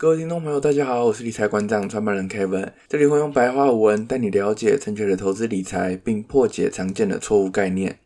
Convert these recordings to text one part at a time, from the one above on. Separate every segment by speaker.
Speaker 1: 各位聽眾朋友，大家好，我是理財館長、創辦人 Kevin，這裡會用白話文帶你了解正確的投資理財，並破解常見的錯誤概念。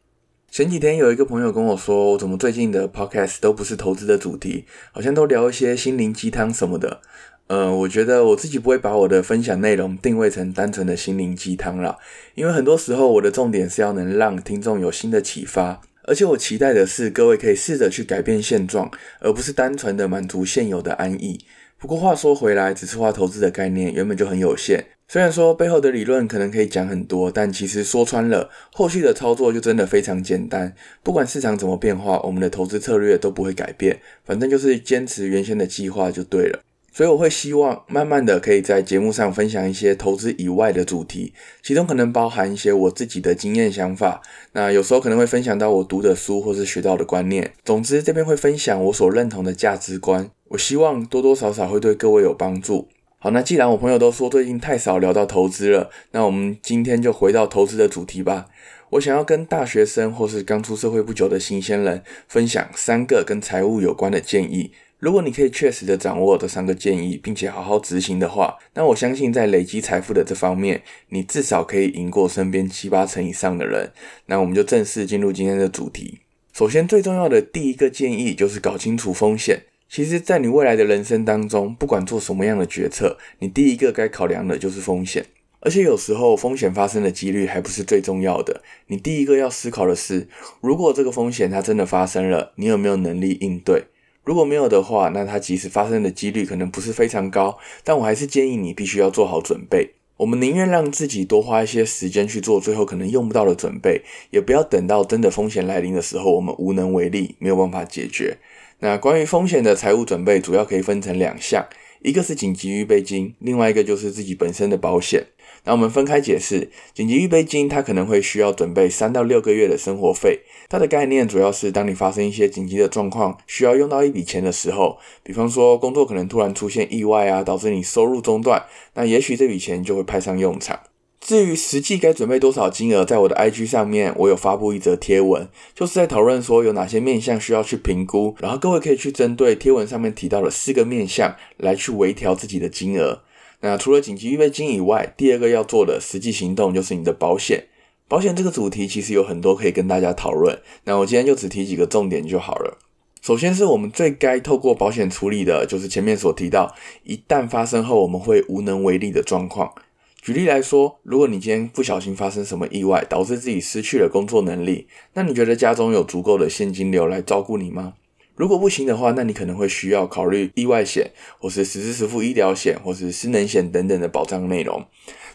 Speaker 1: 前幾天有一個朋友跟我說，我怎麼最近的 Podcast 都不是投資的主題，好像都聊一些心靈雞湯什麼的。呃，我覺得我自己不會把我的分享內容定位成單純的心靈雞湯啦，因為很多時候我的重點是要能讓聽眾有新的啟發，而且我期待的是各位可以試着去改變現狀，而不是單純的滿足現有的安逸。不過話說回來，指數化投資的概念原本就很有限。雖然說背後的理論可能可以講很多，但其實說穿了，後續的操作就真的非常簡單。不管市場怎麼變化，我們的投資策略都不會改變，反正就是堅持原先的計劃就對了。所以我會希望慢慢的可以在節目上分享一些投資以外的主題，其中可能包含一些我自己的經驗想法。那有時候可能會分享到我讀的書或是學到的觀念。總之，這邊會分享我所認同的價值觀。我希望多多少少會對各位有幫助。好，那既然我朋友都說最近太少聊到投資了，那我們今天就回到投資的主題吧。我想要跟大學生或是剛出社會不久的新鮮人分享三個跟財務有關的建議。如果你可以確實的掌握這三個建議，並且好好執行的話，那我相信在累積財富的這方面，你至少可以贏過身邊七八成以上的人。那我們就正式進入今天的主題。首先，最重要的第一個建議就是搞清楚風險。其實，在你未來的人生當中，不管做什麼樣的決策，你第一個該考量的就是風險。而且，有時候風險發生的幾率還不是最重要的，你第一個要思考的是，如果這個風險它真的發生了，你有沒有能力應對？如果沒有的話，那它即使發生的幾率可能不是非常高，但我還是建議你必須要做好準備。我們寧願讓自己多花一些時間去做最後可能用不到的準備，也不要等到真的風險來臨的時候，我們無能為力，沒有辦法解決。那關於風險的財務準備，主要可以分成兩項。一個是緊急預備金，另外一個就是自己本身的保險。那我們分開解釋，緊急預備金它可能會需要準備三到六個月的生活費。它的概念主要是當你發生一些緊急的狀況，需要用到一筆錢的時候，比方說工作可能突然出現意外啊，導致你收入中斷，那也許這筆錢就會派上用場。至於實際該準備多少金額，在我的 IG 上面，我有發布一則貼文，就是在討論說有哪些面向需要去評估，然後各位可以去針對貼文上面提到的四個面向來去微調自己的金額。那除了緊急預備金以外，第二個要做的實際行動就是你的保險。保險這個主題其實有很多可以跟大家討論，那我今天就只提幾個重點就好了。首先是我們最該透過保險處理的，就是前面所提到，一旦發生後我們會無能為力的狀況。舉例來說，如果你今天不小心發生什麼意外，導致自己失去了工作能力，那你覺得家中有足夠的現金流來照顧你嗎？如果不行的話，那你可能會需要考慮意外險，或是實支實付醫療險，或是失能險等等的保障內容。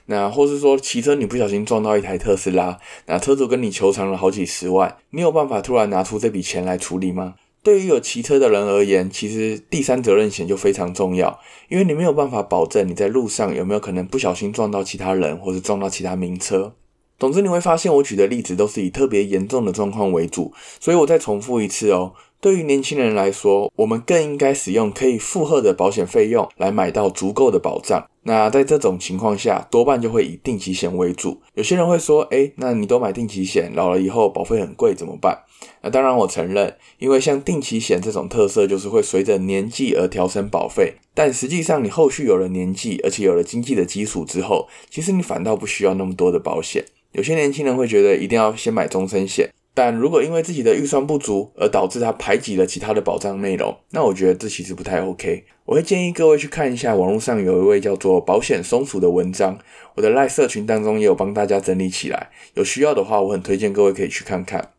Speaker 1: 那或是說，騎車你不小心撞到一台特斯拉，那車主跟你求償了好幾十萬，你有辦法突然拿出這筆錢來處理嗎？對於有騎車的人而言，其實第三責任險就非常重要，因為你沒有辦法保證你在路上有沒有可能不小心撞到其他人，或是撞到其他名車。總之，你會發現我舉的例子都是以特別嚴重的狀況為主，所以我再重複一次哦，對於年輕人來說，我們更應該使用可以負荷的保險費用來買到足夠的保障。那在這種情況下，多半就會以定期險為主。有些人會說，誒、欸，那你都買定期險，老了以後保費很貴怎麼辦？那當然，我承認，因為像定期險這種特色，就是會隨着年紀而調升保費。但實際上，你後續有了年紀，而且有了經濟的基礎之後，其實你反倒不需要那麼多的保險。有些年輕人會覺得，一定要先買終身險。但如果因為自己的預算不足而導致他排擠了其他的保障內容，那我覺得這其實不太 OK。我會建議各位去看一下網絡上有一位叫做保險松鼠的文章，我的 LINE 社群當中也有幫大家整理起來，有需要的話，我很推薦各位可以去看看。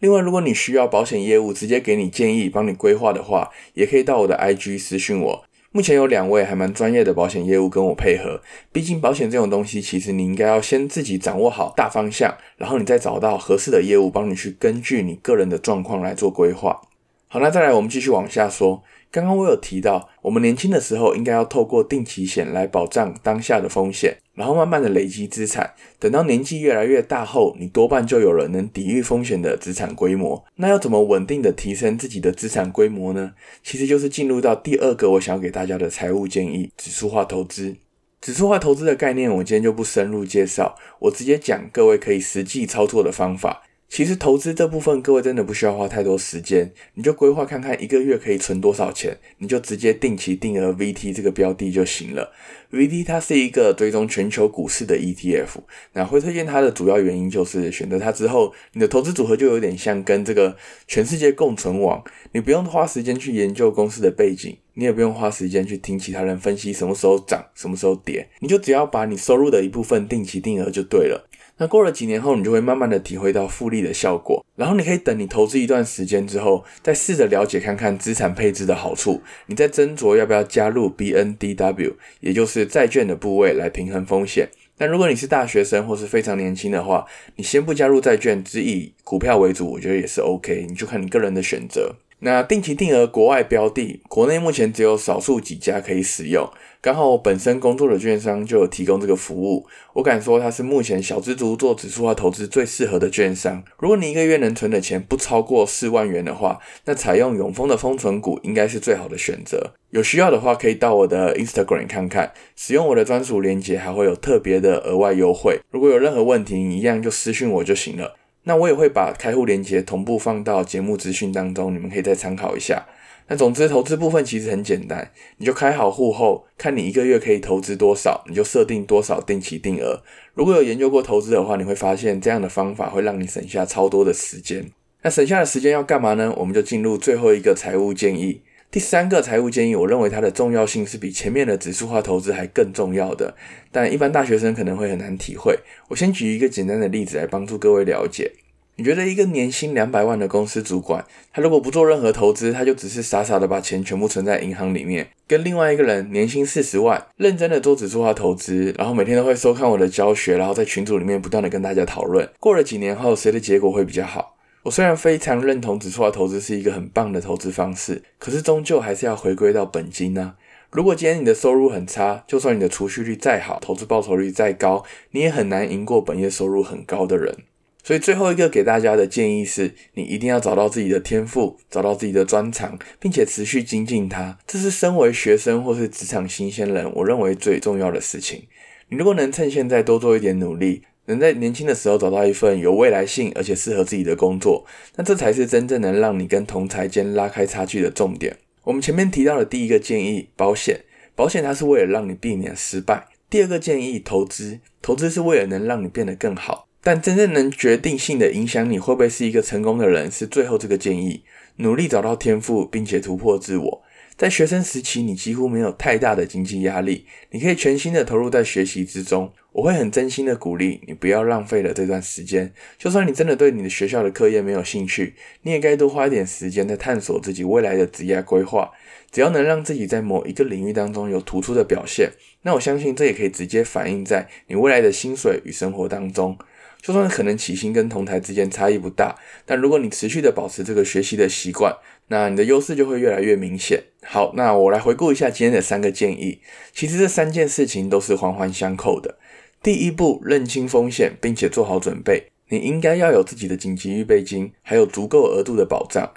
Speaker 1: 另外，如果你需要保險業務，直接給你建議，幫你規劃的話，也可以到我的 IG 私訊我。目前有兩位還蠻專業的保險業務跟我配合，畢竟保險這種東西，其實你應該要先自己掌握好大方向，然後你再找到合適的業務幫你去根據你個人的狀況來做規劃。好，那再來我們繼續往下說。剛剛我有提到，我們年輕的時候應該要透過定期險來保障當下的風險，然後慢慢的累積資產。等到年紀越來越大後，你多半就有了能抵禦風險的資產規模。那要怎麼穩定的提升自己的資產規模呢？其實就是進入到第二個我想要給大家的財務建議：指數化投資。指數化投資的概念我今天就不深入介紹，我直接講各位可以實際操作的方法。其實投資這部分，各位真的不需要花太多時間，你就規劃看看一個月可以存多少錢，你就直接定期定額 VT 這個標的就行了。VT 它是一個追蹤全球股市的 ETF，那會推薦它的主要原因就是選擇它之後，你的投資組合就有點像跟這個全世界共存亡，你不用花時間去研究公司的背景，你也不用花時間去聽其他人分析什麼時候漲、什麼時候跌，你就只要把你收入的一部分定期定額就對了。那過了幾年後，你就會慢慢的體會到複利的效果。然後你可以等你投資一段時間之後，再試着了解看看資產配置的好處。你再斟酌要不要加入 BNDW，也就是債券的部位來平衡風險。但如果你是大學生或是非常年輕的話，你先不加入債券，只以股票為主，我覺得也是 OK。你就看你個人的選擇。那定期定額國外標的，國內目前只有少數幾家可以使用。剛好我本身工作的券商就有提供這個服務，我敢說它是目前小資族做指數化投資最適合的券商。如果你一個月能存的錢不超過四萬元的話，那採用永豐的豐存股應該是最好的選擇。有需要的話可以到我的 Instagram 看看，使用我的專屬鏈接還會有特別的額外優惠。如果有任何問題，你一樣就私訊我就行了。那我也會把開戶鏈接同步放到節目資訊當中，你們可以再參考一下。那總之，投資部分其實很簡單，你就開好戶後，看你一個月可以投資多少，你就設定多少定期定額。如果有研究過投資的話，你會發現這樣的方法會讓你省下超多的時間。那省下的時間要幹嘛呢？我們就進入最後一個財務建議，第三個財務建議，我認為它的重要性是比前面的指數化投資還更重要的，但一般大學生可能會很難體會。我先舉一個簡單的例子來幫助各位了解。你覺得一個年薪兩百萬的公司主管，他如果不做任何投資，他就只是傻傻的把錢全部存在銀行裡面，跟另外一個人年薪四十萬，認真的做指數化投資，然後每天都會收看我的教學，然後在群組裡面不斷的跟大家討論。過了幾年後，誰的結果會比較好？我雖然非常認同指數化投資是一個很棒的投資方式，可是終究還是要回歸到本金呢、啊。如果今天你的收入很差，就算你的儲蓄率再好，投資報酬率再高，你也很難贏過本業收入很高的人。所以最後一個給大家的建議是，你一定要找到自己的天賦，找到自己的專長，並且持續精進它。這是身為學生或是職場新鮮人，我認為最重要的事情。你如果能趁現在多做一點努力，能在年輕的時候找到一份有未來性而且適合自己的工作，那這才是真正能讓你跟同儕間拉開差距的重點。我們前面提到的第一個建議，保險，保險它是為了讓你避免失敗；第二個建議，投資，投資是為了能讓你變得更好。但真正能決定性的影響你會不會是一個成功的人，是最後這個建議：努力找到天賦，並且突破自我。在學生時期，你幾乎沒有太大的經濟壓力，你可以全心的投入在學習之中。我會很真心的鼓勵你，不要浪費了這段時間。就算你真的對你的學校的課業沒有興趣，你也該多花一點時間在探索自己未來的職業規劃。只要能讓自己在某一個領域當中有突出的表現，那我相信這也可以直接反映在你未來的薪水與生活當中。就算可能起薪跟同儕之間差異不大，但如果你持續的保持這個學習的習慣，那你的優勢就會越來越明顯。好，那我來回顧一下今天的三個建議。其實這三件事情都是環環相扣的。第一步，認清風險並且做好準備。你應該要有自己的緊急預備金，還有足夠額度的保障。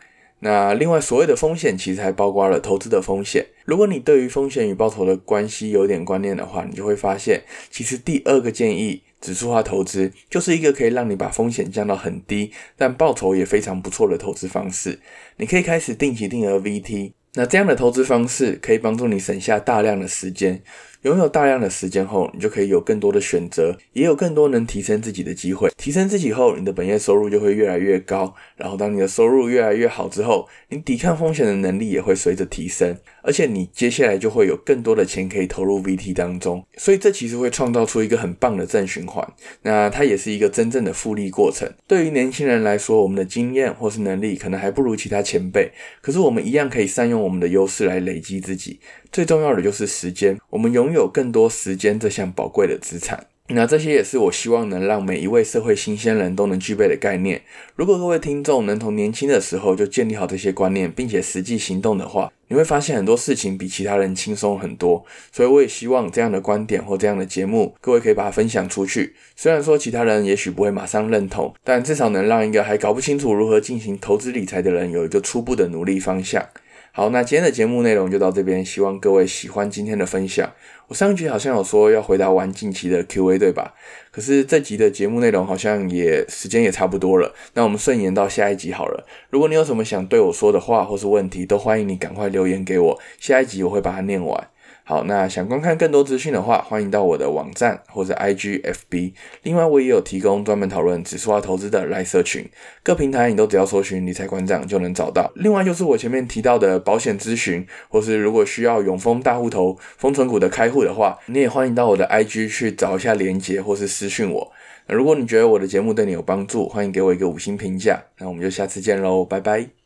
Speaker 1: 那另外，所謂的風險其實還包括了投資的風險。如果你對於風險與報酬的關係有點觀念的話，你就會發現，其實第二個建議。指數化投資就是一個可以讓你把風險降到很低，但報酬也非常不錯的投資方式。你可以開始定期定額 VT，那這樣的投資方式可以幫助你省下大量的時間。擁有大量的時間後，你就可以有更多的選擇，也有更多能提升自己的機會。提升自己後，你的本業收入就會越來越高。然後，當你的收入越來越好之後，你抵抗風險的能力也會隨着提升。而且，你接下來就會有更多的錢可以投入 VT 當中。所以，這其實會創造出一個很棒的正循環。那它也是一個真正的複利過程。對於年輕人來說，我們的經驗或是能力可能還不如其他前輩，可是我們一樣可以善用我們的優勢來累積自己。最重要的就是時間，我們永遠擁有更多時間這項寶貴的資產，那這些也是我希望能讓每一位社會新鮮人都能具備的概念。如果各位聽眾能從年輕的時候就建立好這些觀念，並且實際行動的話，你會發現很多事情比其他人輕鬆很多。所以我也希望這樣的觀點或這樣的節目，各位可以把它分享出去。雖然說其他人也許不會馬上認同，但至少能讓一個還搞不清楚如何進行投資理財的人有一個初步的努力方向。好，那今天的節目內容就到這邊，希望各位喜歡今天的分享。我上一集好像有說要回答完近期的 Q&A，對吧？可是這集的節目內容好像也時間也差不多了，那我們順延到下一集好了。如果你有什麼想對我說的話或是問題，都歡迎你趕快留言給我，下一集我會把它念完。好，那想觀看更多資訊的話，歡迎到我的網站或者 I G F B。另外，我也有提供專門討論指數化投資的 line 社群，各平台你都只要搜尋理財館長就能找到。另外，就是我前面提到的保險諮詢，或是如果需要永豐大戶頭豐存股的開戶的話，你也歡迎到我的 I G 去找一下連結或是私訊我。那如果你覺得我的節目對你有幫助，歡迎給我一個五星評價。那我們就下次見嘍，拜拜。